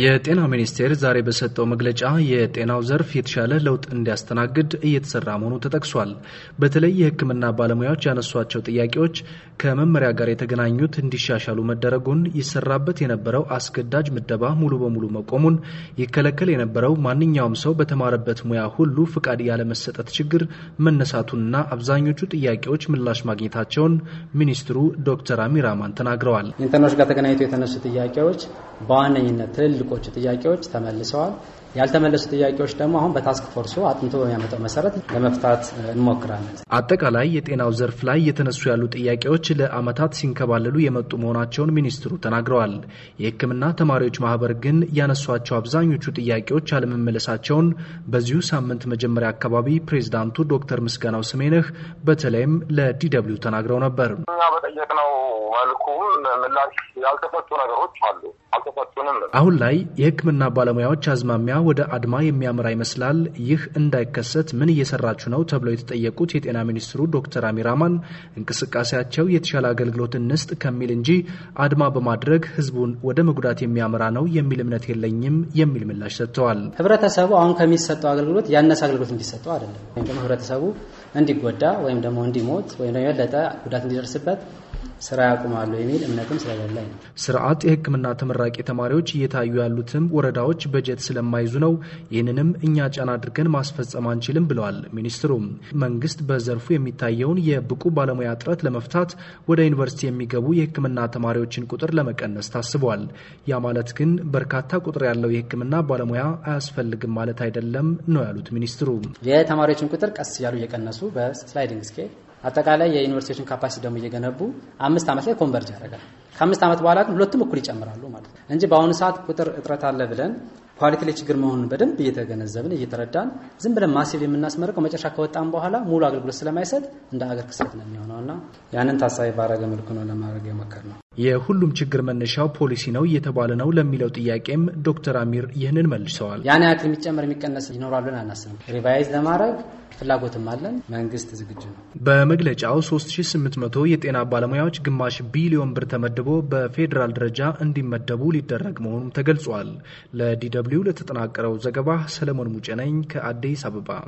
የጤና ሚኒስቴር ዛሬ በሰጠው መግለጫ የጤናው ዘርፍ የተሻለ ለውጥ እንዲያስተናግድ እየተሰራ መሆኑ ተጠቅሷል። በተለይ የሕክምና ባለሙያዎች ያነሷቸው ጥያቄዎች ከመመሪያ ጋር የተገናኙት እንዲሻሻሉ መደረጉን፣ ይሰራበት የነበረው አስገዳጅ ምደባ ሙሉ በሙሉ መቆሙን፣ ይከለከል የነበረው ማንኛውም ሰው በተማረበት ሙያ ሁሉ ፍቃድ ያለመሰጠት ችግር መነሳቱንና አብዛኞቹ ጥያቄዎች ምላሽ ማግኘታቸውን ሚኒስትሩ ዶክተር አሚር አማን ተናግረዋል። ኢንተርኖች ጋር ተገናኝቶ የተነሱ ጥያቄዎች በዋነኝነት ትልልቆቹ ጥያቄዎች ተመልሰዋል። ያልተመለሱ ጥያቄዎች ደግሞ አሁን በታስክ ፎርሱ አጥንቶ በሚያመጣው መሰረት ለመፍታት እንሞክራለን። አጠቃላይ የጤናው ዘርፍ ላይ የተነሱ ያሉ ጥያቄዎች ለዓመታት ሲንከባለሉ የመጡ መሆናቸውን ሚኒስትሩ ተናግረዋል። የሕክምና ተማሪዎች ማህበር ግን ያነሷቸው አብዛኞቹ ጥያቄዎች አለመመለሳቸውን በዚሁ ሳምንት መጀመሪያ አካባቢ ፕሬዚዳንቱ ዶክተር ምስጋናው ስሜነህ በተለይም ለዲደብሊው ተናግረው ነበር። እኛ በጠየቅነው ምላሽ ያልተፈቱ ነገሮች አሉ። አልተፈቱንም። አሁን ላይ የሕክምና ባለሙያዎች አዝማሚያ ወደ አድማ የሚያምራ ይመስላል። ይህ እንዳይከሰት ምን እየሰራችሁ ነው ተብለው የተጠየቁት የጤና ሚኒስትሩ ዶክተር አሚር አማን እንቅስቃሴያቸው የተሻለ አገልግሎት እንስጥ ከሚል እንጂ አድማ በማድረግ ህዝቡን ወደ መጉዳት የሚያምራ ነው የሚል እምነት የለኝም የሚል ምላሽ ሰጥተዋል። ህብረተሰቡ አሁን ከሚሰጠው አገልግሎት ያነሰ አገልግሎት እንዲሰጠው አይደለም። ህብረተሰቡ እንዲጎዳ ወይም ደግሞ እንዲሞት ወይም ደግሞ የበለጠ ጉዳት እንዲደርስበት ስራ ያቁማሉ የሚል እምነትም ስለሌለ ነው። ስርዓት የሕክምና ተመራቂ ተማሪዎች እየታዩ ያሉትም ወረዳዎች በጀት ስለማይዙ ነው። ይህንንም እኛ ጫና አድርገን ማስፈጸም አንችልም ብለዋል ሚኒስትሩ መንግስት በዘርፉ የሚታየውን የብቁ ባለሙያ እጥረት ለመፍታት ወደ ዩኒቨርሲቲ የሚገቡ የሕክምና ተማሪዎችን ቁጥር ለመቀነስ ታስቧል። ያ ማለት ግን በርካታ ቁጥር ያለው የሕክምና ባለሙያ አያስፈልግም ማለት አይደለም ነው ያሉት ሚኒስትሩ። የተማሪዎችን ቁጥር ቀስ እያሉ እየቀነሱ በስላይዲንግ ስኬል አጠቃላይ የዩኒቨርሲቲዎችን ካፓሲቲ ደግሞ እየገነቡ አምስት ዓመት ላይ ኮንቨርጅ ያደርጋል። ከአምስት ዓመት በኋላ ግን ሁለቱም እኩል ይጨምራሉ ማለት ነው እንጂ በአሁኑ ሰዓት ቁጥር እጥረት አለ ብለን ኳሊቲ ላይ ችግር መሆኑን በደንብ እየተገነዘብን እየተረዳን ዝም ብለን ማሲቭ የምናስመርቀው መጨረሻ ከወጣን በኋላ ሙሉ አገልግሎት ስለማይሰጥ እንደ አገር ክስተት ነው የሚሆነውና ያንን ታሳቢ ባረገ መልኩ ነው ለማድረግ ነው። የሁሉም ችግር መነሻው ፖሊሲ ነው እየተባለ ነው ለሚለው ጥያቄም ዶክተር አሚር ይህንን መልሰዋል። ያን ያክል የሚጨመር የሚቀነስ ይኖራል ብለን አናስብም። ሪቫይዝ ለማድረግ ፍላጎትም አለን። መንግስት ዝግጁ ነው። በመግለጫው 3800 የጤና ባለሙያዎች ግማሽ ቢሊዮን ብር ተመድቦ በፌዴራል ደረጃ እንዲመደቡ ሊደረግ መሆኑም ተገልጿል። ለዲ ለተጠናቀረው ዘገባ ሰለሞን ሙጨ ነኝ ከአዲስ አበባ